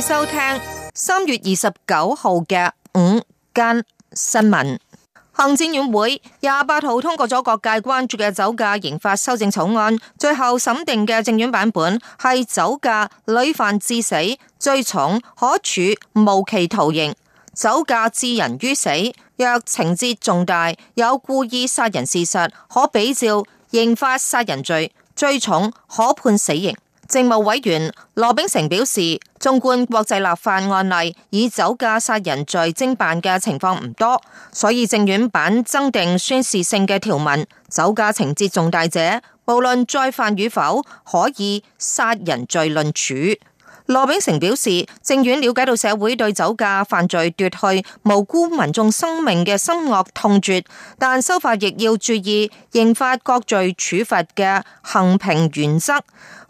收聽三月二十九號嘅午間新聞。行政院會廿八號通過咗各界關注嘅酒駕刑法修正草案，最後審定嘅政院版本係酒駕累犯致死，最重可處無期徒刑；酒駕致人於死，若情節重大有故意殺人事實，可比照刑法殺人罪，最重可判死刑。政務委員羅秉成表示，縱觀國際立法案例，以酒駕殺人罪偵辦嘅情況唔多，所以政院版增訂宣示性嘅條文，酒駕情節重大者，無論再犯與否，可以殺人罪論處。羅秉成表示，政院了解到社會對酒駕犯罪奪去無辜民眾生命嘅深惡痛絕，但修法亦要注意刑法各罪處罰嘅衡平原則。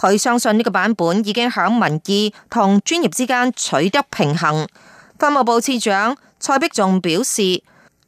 佢相信呢個版本已經喺民意同專業之間取得平衡。法務部次長蔡碧仲表示，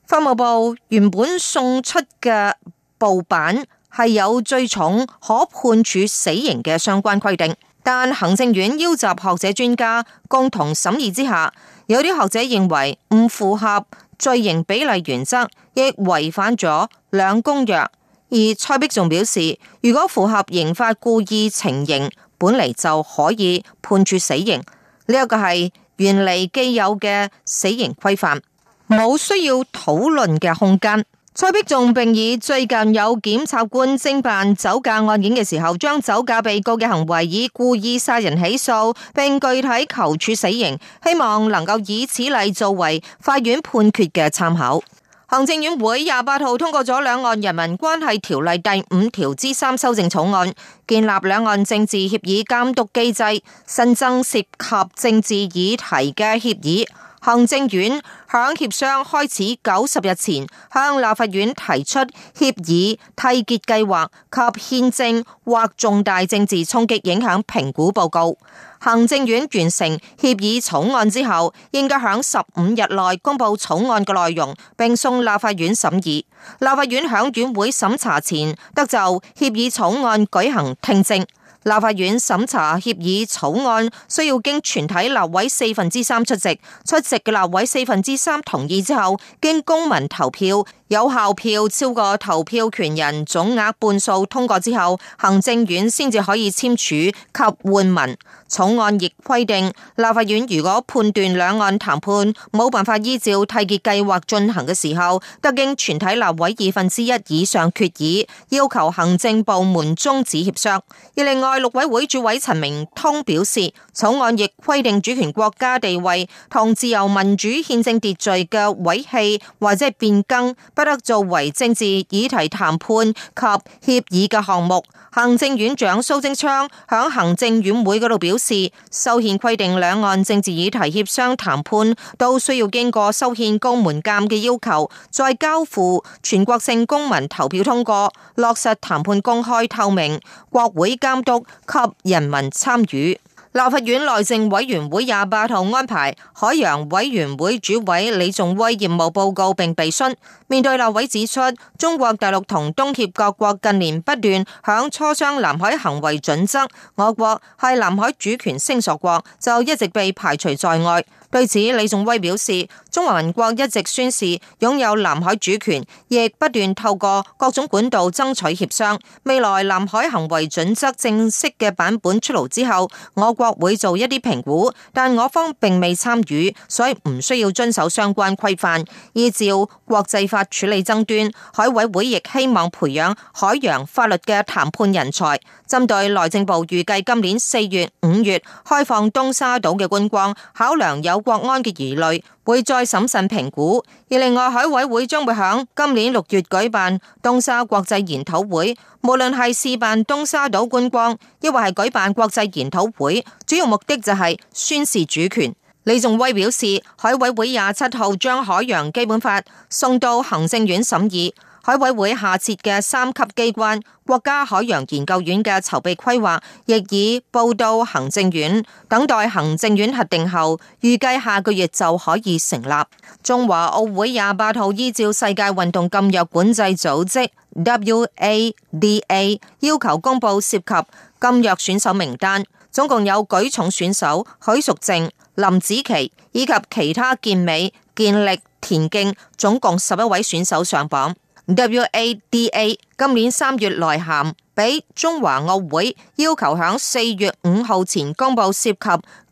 法務部原本送出嘅報版係有最重可判處死刑嘅相關規定。但行政院邀集學者專家共同審議之下，有啲學者認為唔符合罪刑比例原則，亦違反咗兩公約。而蔡碧仲表示，如果符合刑法故意情形，本嚟就可以判處死刑。呢一個係原嚟既有嘅死刑規範，冇需要討論嘅空間。蔡碧仲並以最近有檢察官偵辦酒駕案件嘅時候，將酒駕被告嘅行為以故意殺人起訴，並具體求處死刑，希望能夠以此例作為法院判決嘅參考。行政院會廿八號通過咗兩岸人民關係條例第五條之三修正草案，建立兩岸政治協議監督機制，新增涉及政治議題嘅協議。行政院響協商開始九十日前向立法院提出協議締結計劃及憲政或重大政治衝擊影響評估報告。行政院完成協議草案之後，應該響十五日內公布草案嘅內容，並送立法院審議。立法院響院會審查前，得就協議草案舉行聽證。立法院審查協議草案，需要經全體立委四分之三出席，出席嘅立委四分之三同意之後，經公民投票。有效票超過投票權人總額半數通過之後，行政院先至可以簽署及換文。草案亦規定，立法院如果判斷兩岸談判冇辦法依照締結計劃進行嘅時候，得經全體立委二分之一以上決議，要求行政部門終止協商。而另外，陸委會主委陳明通表示，草案亦規定主權國家地位同自由民主憲政秩序嘅毀棄或者係變更。不得作為政治議題談判及協議嘅項目。行政院長蘇貞昌響行政院會嗰度表示，修憲規定兩岸政治議題協商談判都需要經過修憲高門檻嘅要求，再交付全國性公民投票通過，落實談判公開透明、國會監督及人民參與。立法院內政委員會廿八號安排海洋委員會主委李仲威業務報告，並備詢。面對立委指出，中國大陸同東協各國近年不斷響磋商南海行為準則，我國係南海主權聲索國，就一直被排除在外。對此，李仲威表示，中華民國一直宣示擁有南海主權，亦不斷透過各種管道爭取協商。未來南海行為準則正式嘅版本出爐之後，我國會做一啲評估，但我方並未參與，所以唔需要遵守相關規範，依照國際法處理爭端。海委會亦希望培養海洋法律嘅談判人才。針對內政部預計今年四月、五月開放東沙島嘅觀光，考量有。國安嘅疑慮會再審慎評估，而另外海委會將會響今年六月舉辦東沙國際研討會，無論係試辦東沙島觀光，亦或係舉辦國際研討會，主要目的就係宣示主權。李仲威表示，海委會廿七號將海洋基本法送到行政院審議。海委會下設嘅三級機關國家海洋研究院嘅籌備規劃亦已報到行政院，等待行政院核定後，預計下個月就可以成立。中華奧會廿八號依照世界運動禁藥管制組織 WADA 要求公佈涉及禁藥選手名單，總共有舉重選手許淑靜、林子琪以及其他健美、健力、田徑，總共十一位選手上榜。WADA 今年三月來函俾中華奧會要求響四月五號前公布涉及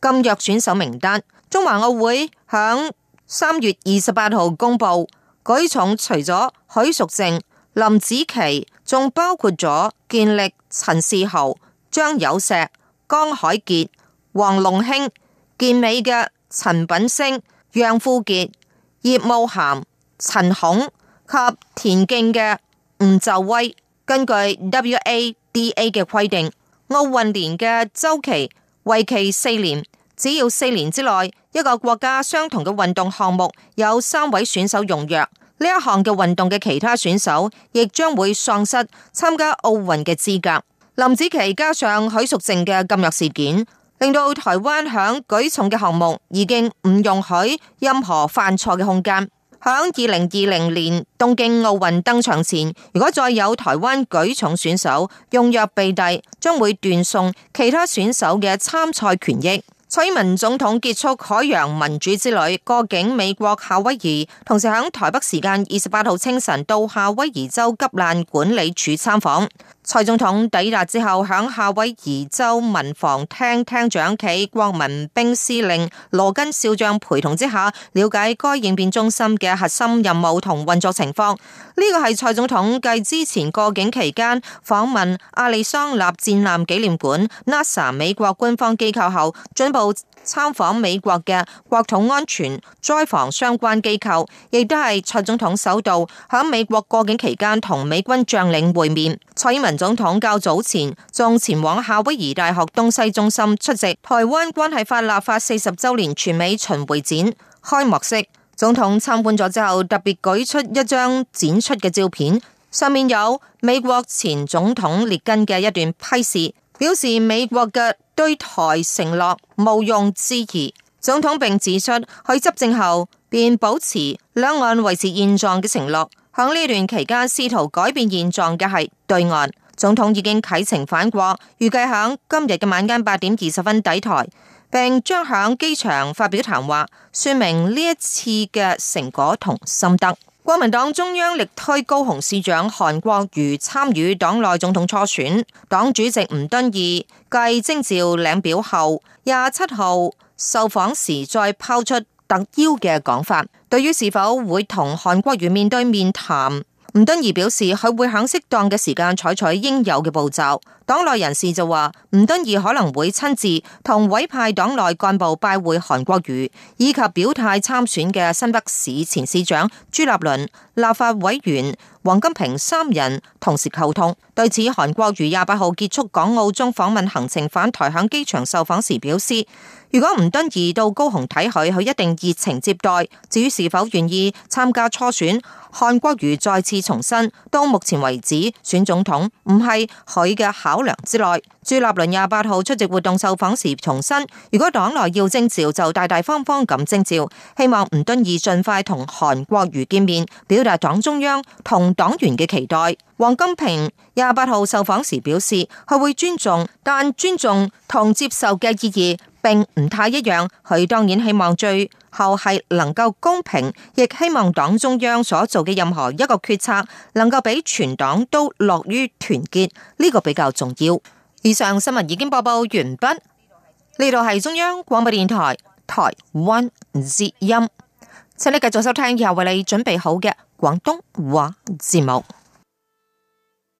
禁藥選手名單。中華奧會響三月二十八號公布，舉重除咗許淑淨、林子琪，仲包括咗健力陳士豪、張有石、江海杰、黃龍興、健美嘅陳品星、楊富杰、葉慕涵、陳孔及田徑嘅吳就威，根據 WADA 嘅規定，奧運年嘅周期為期四年，只要四年之內一個國家相同嘅運動項目有三位選手用藥，呢一項嘅運動嘅其他選手亦將會喪失參加奧運嘅資格。林子琪加上許淑淨嘅禁藥事件，令到台灣響舉重嘅項目已經唔容許任何犯錯嘅空間。響二零二零年東京奧運登場前，如果再有台灣舉重選手用藥被逮，將會斷送其他選手嘅參賽權益。蔡英文總統結束海洋民主之旅，過境美國夏威夷，同時喺台北時間二十八號清晨到夏威夷州急難管理處參訪。蔡總統抵達之後，響夏威夷州民防廳廳長暨國民兵司令羅根少將陪同之下，了解該應變中心嘅核心任務同運作情況。呢個係蔡總統繼之前過境期間訪問阿里桑納戰艦紀念館、NASA 美國官方機構後，進一步參訪美國嘅國土安全災防相關機構，亦都係蔡總統首度喺美國過境期間同美軍將領會面。蔡英文總統較早前仲前往夏威夷大學東西中心出席台灣關係法立法四十周年全美巡迴展開幕式。總統參觀咗之後，特別舉出一張展出嘅照片，上面有美國前總統列根嘅一段批示，表示美國嘅對台承諾毋庸置疑。總統並指出，去執政後便保持兩岸維持現狀嘅承諾。響呢段期間，試圖改變現狀嘅係對岸。總統已經啟程返國，預計響今日嘅晚間八點二十分抵台，並將響機場發表談話，說明呢一次嘅成果同心得。國民黨中央力推高雄市長韓國瑜參與黨內總統初選，黨主席吳敦義繼徵召領表後，廿七號受訪時再拋出特邀嘅講法，對於是否會同韓國瑜面對面談？吳敦義表示，佢會喺適當嘅時間採取應有嘅步驟。黨內人士就話，吳敦義可能會親自同委派黨內幹部拜會韓國瑜，以及表態參選嘅新北市前市長朱立倫、立法委員。王金平三人同時溝通，對此韓國瑜廿八號結束港澳中訪問行程返台，喺機場受訪時表示：如果吳敦義到高雄睇佢，佢一定熱情接待。至於是否願意參加初選，韓國瑜再次重申，到目前為止，選總統唔係佢嘅考量之內。朱立倫廿八號出席活動受訪時重申，如果黨內要徵召，就大大方方咁徵召。希望吳敦義盡快同韓國瑜見面，表達黨中央同黨員嘅期待。王金平廿八號受訪時表示，佢會尊重，但尊重同接受嘅意義並唔太一樣。佢當然希望最後係能夠公平，亦希望黨中央所做嘅任何一個決策能夠俾全黨都樂於團結，呢、這個比較重要。以上新聞已經播報完畢，呢度係中央廣播電台台灣之音，請你繼續收聽以下為你準備好嘅廣東話節目。